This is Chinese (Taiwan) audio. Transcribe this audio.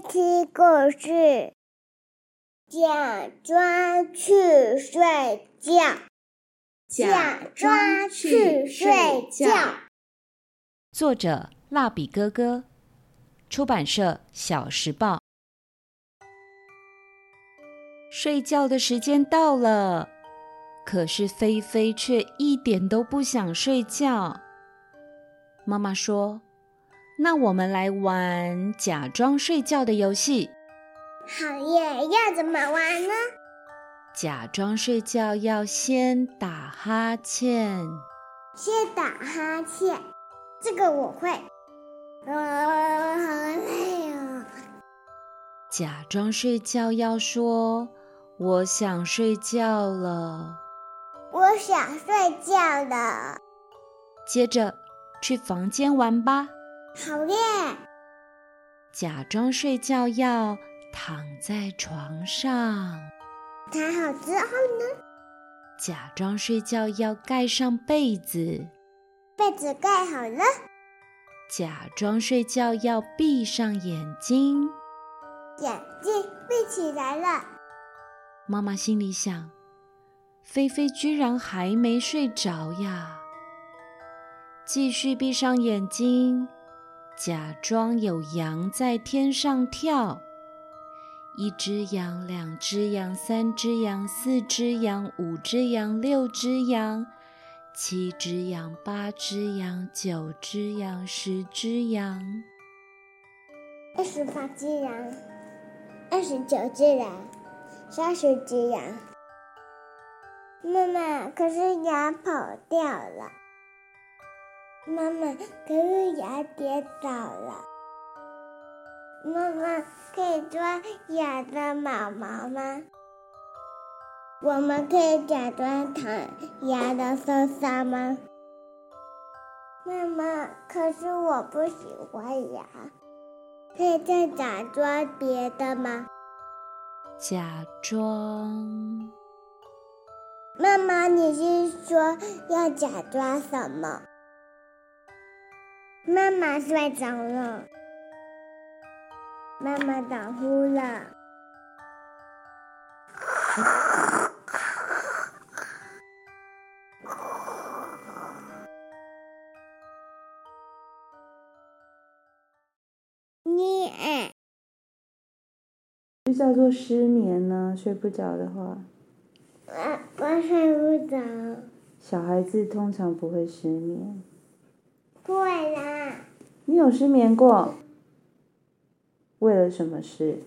聽故事，假裝去睡覺，假裝去睡覺。作者：蠟筆哥哥，出版社：小時報。睡覺的時間到了，可是菲菲卻一點都不想睡覺。媽媽說。那我們來玩假裝睡覺的遊戲。好耶！要怎麼玩呢？假裝睡覺要先打哈欠。先打哈欠，這個我會。我、哦、好累哦。假裝睡覺要說“我想睡覺了”。我想睡覺了。接着去房間玩吧。好耶！假裝睡覺要躺在床上，躺好之後呢？假裝睡覺要蓋上被子，被子蓋好了。假裝睡覺要閉上眼睛，眼睛閉起來了。媽媽心裡想，菲菲居然還沒睡着呀！繼續閉上眼睛。假裝有羊在天上跳，一隻羊，兩隻羊，三隻羊，四隻羊，五隻羊，六隻羊，七隻羊，八隻羊，九隻羊，十隻羊，二十八隻羊，二十九隻羊，三十隻羊。媽媽，可是羊跑掉了。媽媽，可是牙跌倒了。媽媽，可以抓牙的毛毛嗎？我們可以假裝躺牙的受傷嗎？媽媽，可是我不喜歡牙。可以再假裝別的嗎？假裝。媽媽，你是說要假裝什麼？媽媽睡着了，媽媽打呼了。你、哎，就叫做失眠呢，睡不着的話。我我睡不着。小孩子通常不會失眠。你有失眠過，為了什麼事？